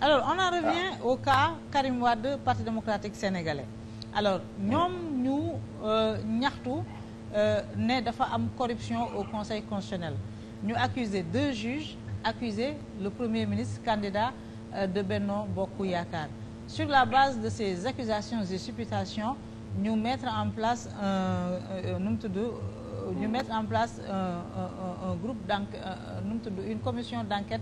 alors on en revient ah. au cas Karim Wade parti démocratique sénégalais alors ñoom ñu euh, ñaxtu euh, ne dafa am corruption au conseil constitutionnel ñu accuser deux juges accuser le premier ministre candidat euh, de Benno Bokk Yaakaar sur la base de ces accusations et supputations ñu mettre en place un nu mu tudd ñu mettre en place un, groupe d'enquête nu mu tudd une commission d'enquête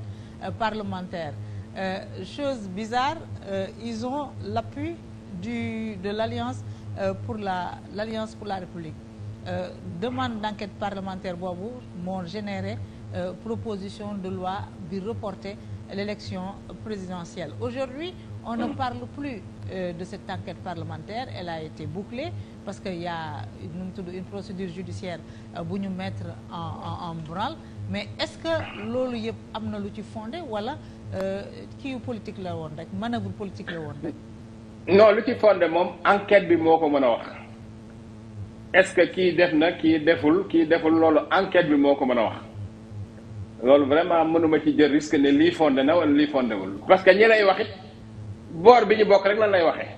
parlementaire Euh, chose bizarre, euh, ils ont l'appui de l'alliance euh, pour la l'alliance pour la République. Euh, demande d'enquête parlementaire boobu moo généré euh, proposition de loi bi reporter l'élection présidentielle. Aujourd'hui, on ne parle plus euh, de cette enquête parlementaire, elle a été bouclée parce que y a tudd une procédure judiciaire bu ñu mettre en en en branle. mais est-ce que loolu yëpp am na lu ci fondé wala euh, kii politique la woon rek manœuvre politique la woon rek. non lu ci fondé moom enquête bi moo ko mën a wax est-ce que kii def na kii deful kii deful loolu enquête bi moo ko mën a wax loolu vraiment mënuma ci jël risque ne lii fonde na wala lii fondé wul parce que ñi lay wax it boor bi ñu bokk rek la lay waxee.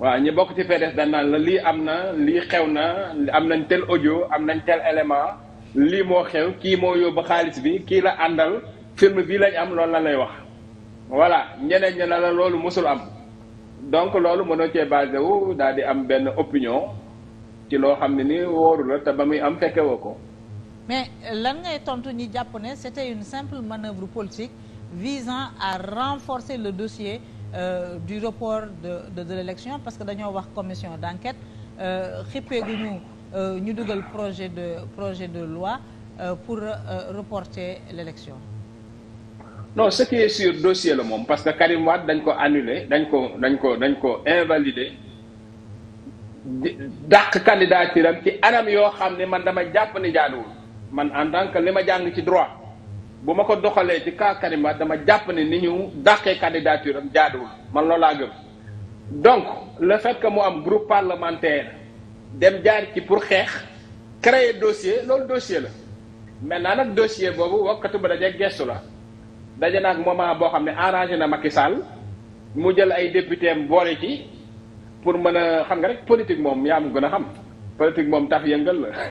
waa ñi bokk ci PDS dañ naan la lii am na lii xew na am nañ tel audio am nañ tel élément. lii moo xew kii moo yóbbu xaalis bi kii la àndal firme bii lañ am loolu la lay wax voilà ñeneen ñi la loolu mosul am donc loolu mënoo cee basé wu daal di am benn opinion ci loo xam ne ni wóoru te ba muy am fekke ko. mais lan ngay tontu ñi jàpp ne c'était une simple manœuvre politique visant à renforcer le dossier euh, du report de de de l'élection parce que dañoo wax commission d'enquête euh, xippeeguñu. Euh, Euh, ñu dugal projet de projet de loi euh, pour euh, reporter l'élection no ce qui est sûr dossier la moom parce que Karim dañ ko annuler dañ ko dañ ko dañ ko invalider dàq candidature am ci anam yoo xam ne man dama jàpp ni jaaduwul man en tant que li ma jàng ci droit bu ma ko doxalee ci cas Karim dama jàpp ne ni ñu dàqee candidature am jaaduwul man loolaa gëm donc le fait que mu am groupe parlementaire dem jaar ci pour xeex créer dossier loolu dossier la maintenant nag dossier boobu wakkatu ba daje gestu la daje naag moment boo xam ne arrangé na Macky Sall mu jël ay député am boole ci pour mën a xam nga rek politique moom yaa am gën a xam politique moom taf yëngal la